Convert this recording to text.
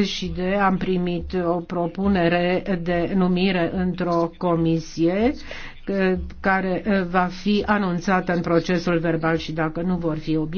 și de am primit o propunere de numire într-o comisie care va fi anunțată în procesul verbal și dacă nu vor fi obiecții,